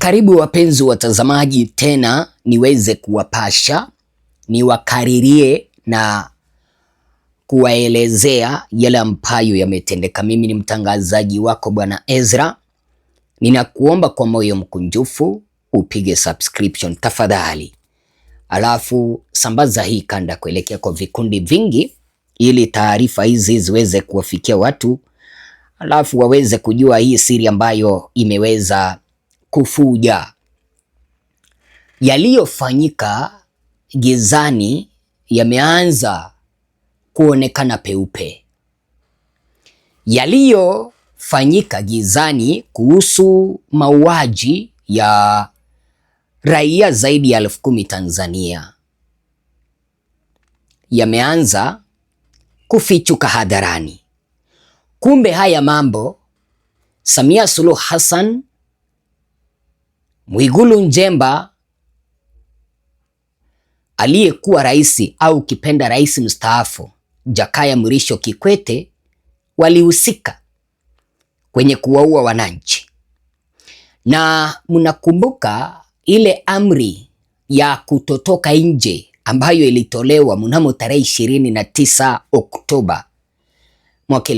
Karibu wapenzi watazamaji, tena niweze kuwapasha, niwakaririe na kuwaelezea yale ambayo yametendeka. Mimi ni mtangazaji wako Bwana Ezra, ninakuomba kwa moyo mkunjufu upige subscription tafadhali, alafu sambaza hii kanda kuelekea kwa vikundi vingi, ili taarifa hizi ziweze kuwafikia watu, alafu waweze kujua hii siri ambayo imeweza kufuja. Yaliyofanyika gizani yameanza kuonekana peupe. Yaliyofanyika gizani kuhusu mauaji ya raia zaidi ya elfu kumi Tanzania yameanza kufichuka hadharani. Kumbe haya mambo Samia Suluhu Hassan Mwigulu njemba aliyekuwa rais au kipenda rais mstaafu Jakaya Mrisho Kikwete walihusika kwenye kuwaua wananchi, na mnakumbuka ile amri ya kutotoka nje ambayo ilitolewa mnamo tarehe 29 Oktoba mwaka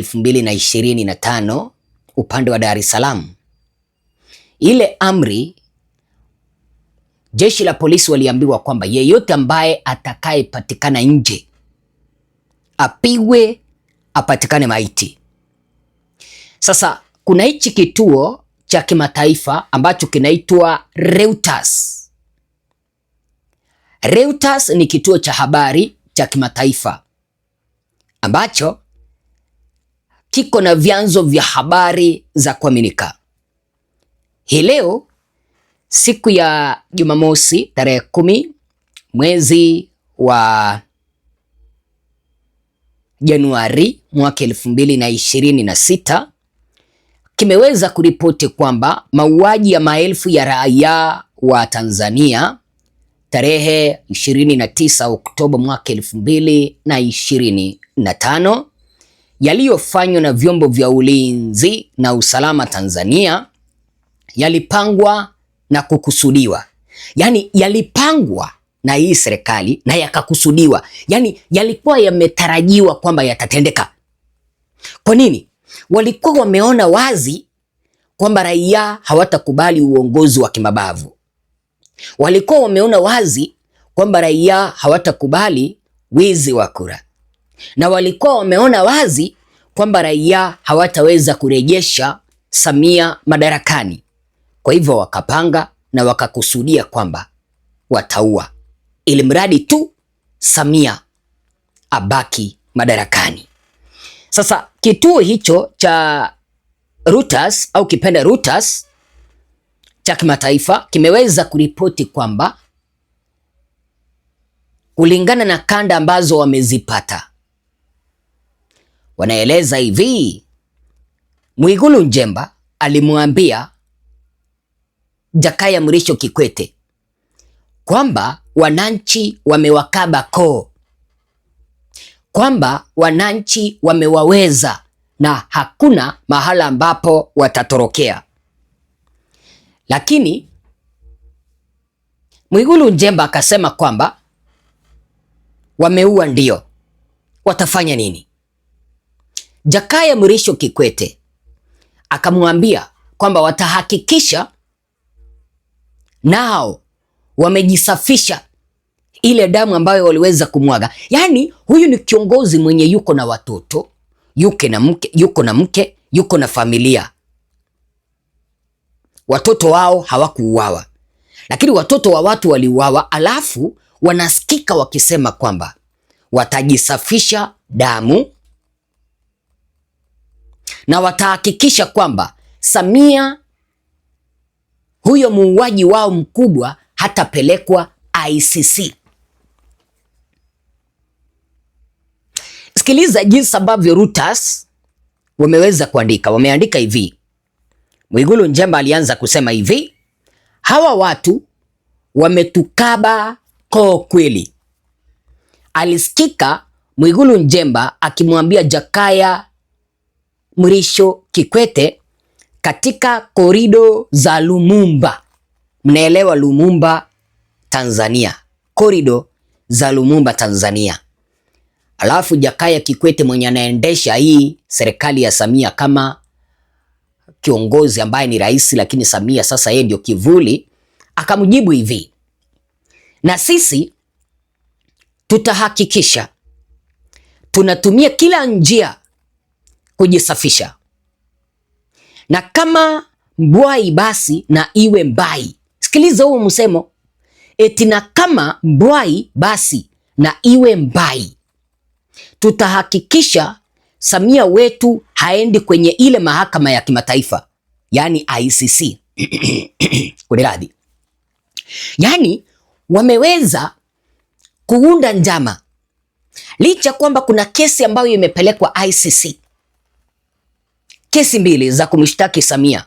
tano upande wa Dar es Salaam. Ile amri Jeshi la polisi waliambiwa kwamba yeyote ambaye atakayepatikana nje apigwe, apatikane maiti. Sasa kuna hichi kituo cha kimataifa ambacho kinaitwa Reuters. Reuters ni kituo cha habari cha kimataifa ambacho kiko na vyanzo vya habari za kuaminika. Hii leo Siku ya Jumamosi tarehe kumi mwezi wa Januari mwaka elfu mbili na ishirini na sita kimeweza kuripoti kwamba mauaji ya maelfu ya raia wa Tanzania tarehe 29 Oktoba mwaka elfu mbili na ishirini na tano yaliyofanywa na vyombo vya ulinzi na usalama Tanzania yalipangwa na kukusudiwa, yaani yalipangwa na hii serikali na yakakusudiwa, yaani yalikuwa yametarajiwa kwamba yatatendeka. Kwa nini? Walikuwa wameona wazi kwamba raia hawatakubali uongozi wa kimabavu. Walikuwa wameona wazi kwamba raia hawatakubali wizi wa kura, na walikuwa wameona wazi kwamba raia hawataweza kurejesha Samia madarakani. Kwa hivyo wakapanga na wakakusudia kwamba wataua ili mradi tu Samia abaki madarakani. Sasa kituo hicho cha Reuters au kipenda Reuters cha kimataifa kimeweza kuripoti kwamba kulingana na kanda ambazo wamezipata, wanaeleza hivi Mwigulu njemba alimwambia Jakaya Mrisho Kikwete kwamba wananchi wamewakaba koo, kwamba wananchi wamewaweza na hakuna mahala ambapo watatorokea. Lakini Mwigulu njemba akasema kwamba wameua ndio, watafanya nini? Jakaya Mrisho Kikwete akamwambia kwamba watahakikisha nao wamejisafisha ile damu ambayo waliweza kumwaga. Yaani huyu ni kiongozi mwenye yuko na watoto, yuko na mke, yuko na mke, yuko na familia. Watoto wao hawakuuawa, lakini watoto wa watu waliuawa, alafu wanasikika wakisema kwamba watajisafisha damu na watahakikisha kwamba Samia huyo muuaji wao mkubwa hatapelekwa ICC. Sikiliza jinsi ambavyo Reuters wameweza kuandika, wameandika hivi. Mwigulu njemba alianza kusema hivi, hawa watu wametukaba koo kweli. Alisikika Mwigulu njemba akimwambia Jakaya Mrisho Kikwete katika korido za Lumumba. Mnaelewa Lumumba Tanzania, korido za Lumumba Tanzania. Alafu Jakaya Kikwete mwenye anaendesha hii serikali ya Samia kama kiongozi ambaye ni rais, lakini Samia sasa yeye ndio kivuli, akamjibu hivi, na sisi tutahakikisha tunatumia kila njia kujisafisha na kama mbwai basi na iwe mbai. Sikiliza huu msemo eti, na kama mbwai basi na iwe mbai. Tutahakikisha Samia wetu haendi kwenye ile mahakama ya kimataifa yani ICC kuniradhi. yani wameweza kuunda njama licha kwamba kuna kesi ambayo imepelekwa ICC kesi mbili za kumshtaki Samia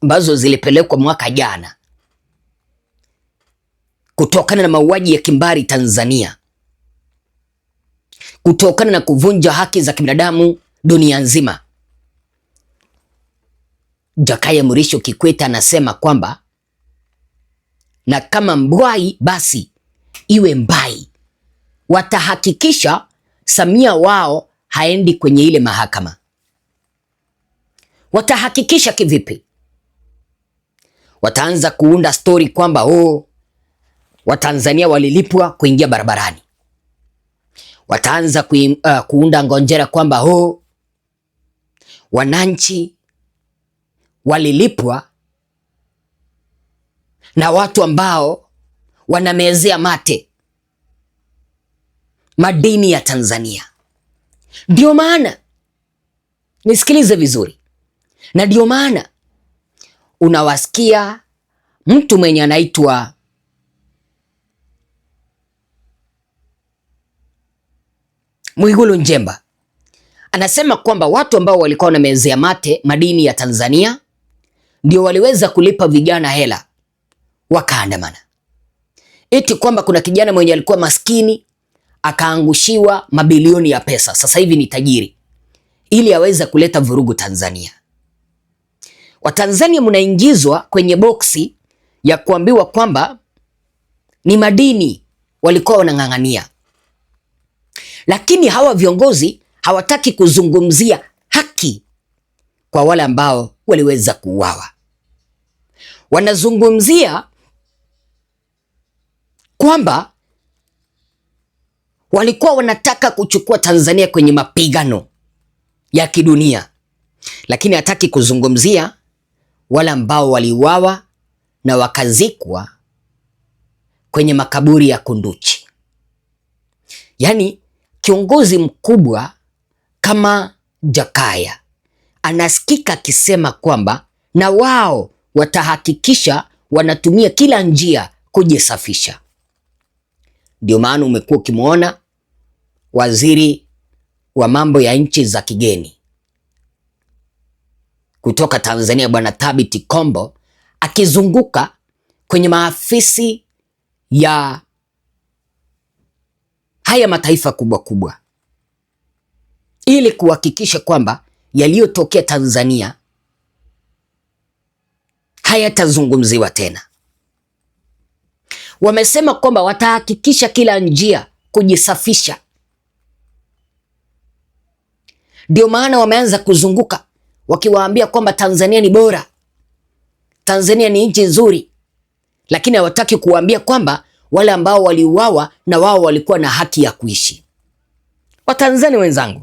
ambazo zilipelekwa mwaka jana kutokana na mauaji ya kimbari Tanzania, kutokana na kuvunja haki za kibinadamu dunia nzima. Jakaya Mrisho Kikwete anasema kwamba na kama mbwai basi iwe mbai, watahakikisha Samia wao haendi kwenye ile mahakama watahakikisha kivipi? Wataanza kuunda stori kwamba oh, Watanzania walilipwa kuingia barabarani. Wataanza ku, uh, kuunda ngonjera kwamba oh, wananchi walilipwa na watu ambao wanamezea mate madini ya Tanzania. Ndio maana nisikilize vizuri na ndio maana unawasikia mtu mwenye anaitwa Mwigulu njemba anasema kwamba watu ambao walikuwa wanamezea mate madini ya Tanzania ndio waliweza kulipa vijana hela wakaandamana, eti kwamba kuna kijana mwenye alikuwa maskini akaangushiwa mabilioni ya pesa, sasa hivi ni tajiri, ili aweze kuleta vurugu Tanzania. Watanzania mnaingizwa kwenye boksi ya kuambiwa kwamba ni madini walikuwa wanang'ang'ania, lakini hawa viongozi hawataki kuzungumzia haki kwa wale ambao waliweza kuuawa. Wanazungumzia kwamba walikuwa wanataka kuchukua Tanzania kwenye mapigano ya kidunia, lakini hataki kuzungumzia wala ambao waliuawa na wakazikwa kwenye makaburi ya Kunduchi. Yaani kiongozi mkubwa kama Jakaya anasikika akisema kwamba na wao watahakikisha wanatumia kila njia kujisafisha. Ndio maana umekuwa ukimwona waziri wa mambo ya nchi za kigeni kutoka Tanzania bwana Thabit Kombo akizunguka kwenye maafisi ya haya mataifa kubwa kubwa ili kuhakikisha kwamba yaliyotokea Tanzania hayatazungumziwa tena. Wamesema kwamba watahakikisha kila njia kujisafisha, ndio maana wameanza kuzunguka wakiwaambia kwamba Tanzania ni bora, Tanzania ni nchi nzuri, lakini hawataki kuwaambia kwamba wale ambao waliuawa na wao walikuwa na haki ya kuishi. Watanzania wenzangu,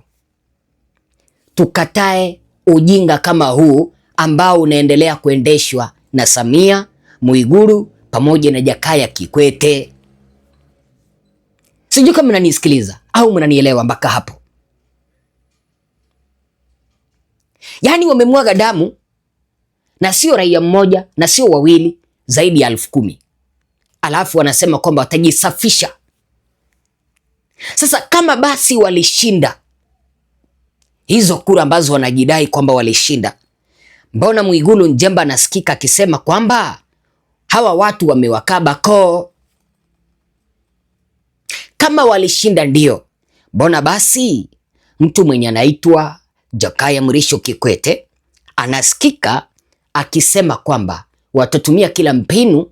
tukatae ujinga kama huu ambao unaendelea kuendeshwa na Samia, Mwigulu pamoja na Jakaya Kikwete. Sijui kama mnanisikiliza au mnanielewa mpaka hapo. Yaani wamemwaga damu na sio raia mmoja na sio wawili, zaidi ya elfu kumi alafu wanasema kwamba watajisafisha. Sasa kama basi walishinda hizo kura ambazo wanajidai kwamba walishinda, mbona Mwigulu Njemba anasikika akisema kwamba hawa watu wamewakaba koo? Kama walishinda ndio, mbona basi mtu mwenye anaitwa Jakaya Mrisho Kikwete anasikika akisema kwamba watatumia kila mpinu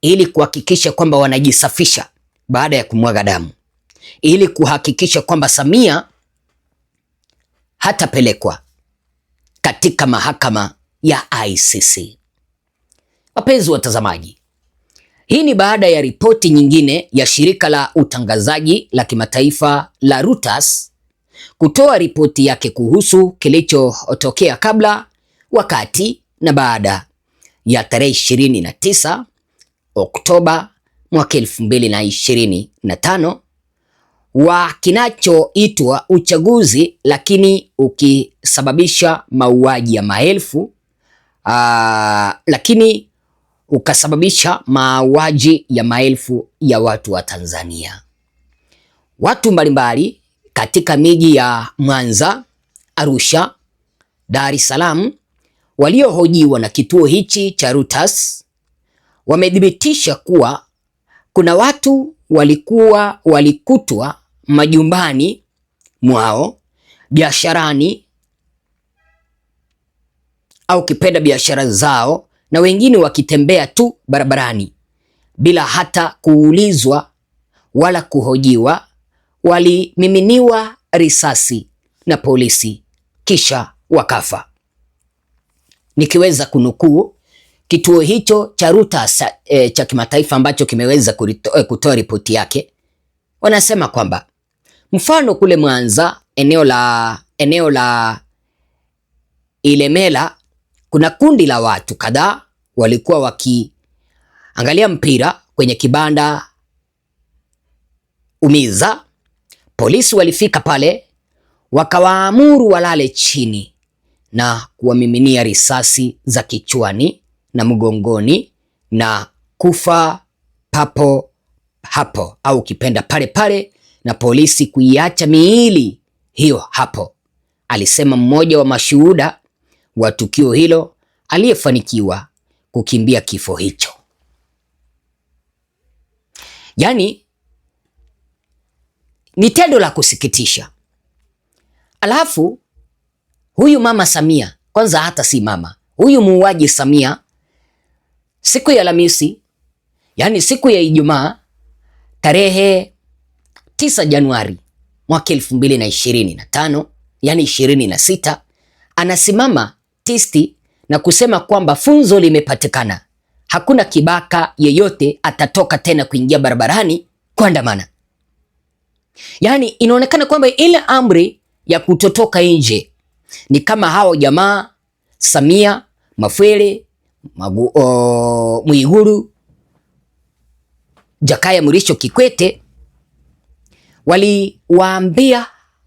ili kuhakikisha kwamba wanajisafisha baada ya kumwaga damu, ili kuhakikisha kwamba Samia hatapelekwa katika mahakama ya ICC. Wapenzi watazamaji, hii ni baada ya ripoti nyingine ya shirika la utangazaji la kimataifa la Reuters kutoa ripoti yake kuhusu kilichotokea kabla, wakati na baada ya tarehe 29 Oktoba mwaka 2025 wa kinachoitwa uchaguzi lakini ukisababisha mauaji ya maelfu aa, lakini ukasababisha mauaji ya maelfu ya watu wa Tanzania. Watu mbalimbali katika miji ya Mwanza, Arusha, Dar es Salaam waliohojiwa na kituo hichi cha Reuters wamethibitisha kuwa kuna watu walikuwa walikutwa majumbani mwao, biasharani au kipenda biashara zao, na wengine wakitembea tu barabarani bila hata kuulizwa wala kuhojiwa walimiminiwa risasi na polisi kisha wakafa. Nikiweza kunukuu kituo hicho cha Reuters e, cha kimataifa ambacho kimeweza e, kutoa ripoti yake, wanasema kwamba mfano kule Mwanza eneo la eneo la Ilemela kuna kundi la watu kadhaa walikuwa wakiangalia mpira kwenye kibanda Umiza Polisi walifika pale wakawaamuru walale chini na kuwamiminia risasi za kichwani na mgongoni na kufa papo hapo au kipenda pale pale, na polisi kuiacha miili hiyo hapo, alisema mmoja wa mashuhuda wa tukio hilo aliyefanikiwa kukimbia kifo hicho. Yaani ni tendo la kusikitisha. Alafu huyu mama Samia, kwanza hata si mama huyu muuaji Samia, siku ya Alhamisi, yaani siku ya Ijumaa tarehe 9 Januari mwaka elfu mbili na na ishirini tano yani ishirini na sita anasimama tisti na kusema kwamba funzo limepatikana, hakuna kibaka yeyote atatoka tena kuingia barabarani kuandamana. Yaani inaonekana kwamba ile amri ya kutotoka nje ni kama hao jamaa Samia, Mafwele, Magu, o, Jakaya Mrisho Kikwete waliwaambia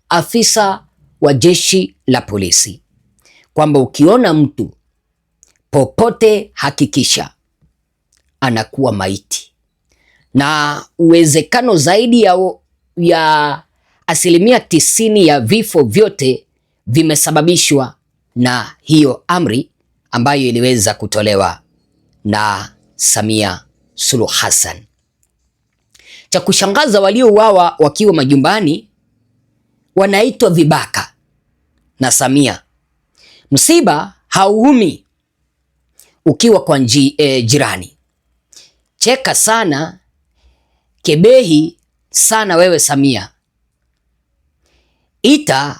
afisa wa jeshi la polisi kwamba ukiona mtu popote, hakikisha anakuwa maiti, na uwezekano zaidi ya ya asilimia tisini ya vifo vyote vimesababishwa na hiyo amri ambayo iliweza kutolewa na Samia Suluhu Hassan. Cha kushangaza, waliouawa wakiwa majumbani wanaitwa vibaka na Samia. Msiba hauumi ukiwa kwa nji, e, jirani. Cheka sana kebehi sana wewe Samia. Ita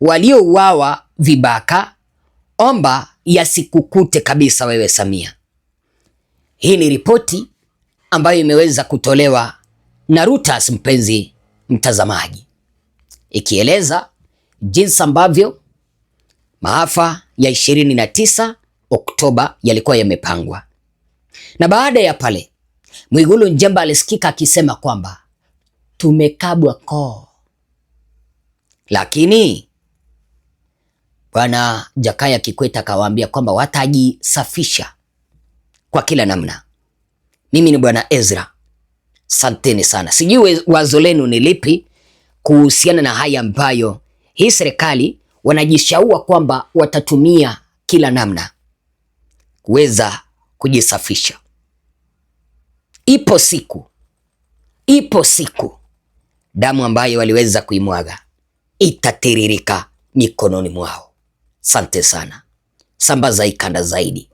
waliouawa vibaka, omba yasikukute kabisa wewe Samia. Hii ni ripoti ambayo imeweza kutolewa na Reuters, mpenzi mtazamaji, ikieleza jinsi ambavyo maafa ya 29 Oktoba yalikuwa yamepangwa. Na baada ya pale, Mwigulu Njemba alisikika akisema kwamba tumekabwa koo. Lakini Bwana Jakaya Kikwete akawaambia kwamba watajisafisha kwa kila namna. Mimi ni Bwana Ezra, santeni sana. Sijui wazo lenu ni lipi kuhusiana na haya ambayo hii serikali wanajishaua kwamba watatumia kila namna kuweza kujisafisha. Ipo siku, ipo siku Damu ambayo waliweza kuimwaga itatiririka mikononi mwao. Sante sana, sambaza ikanda zaidi.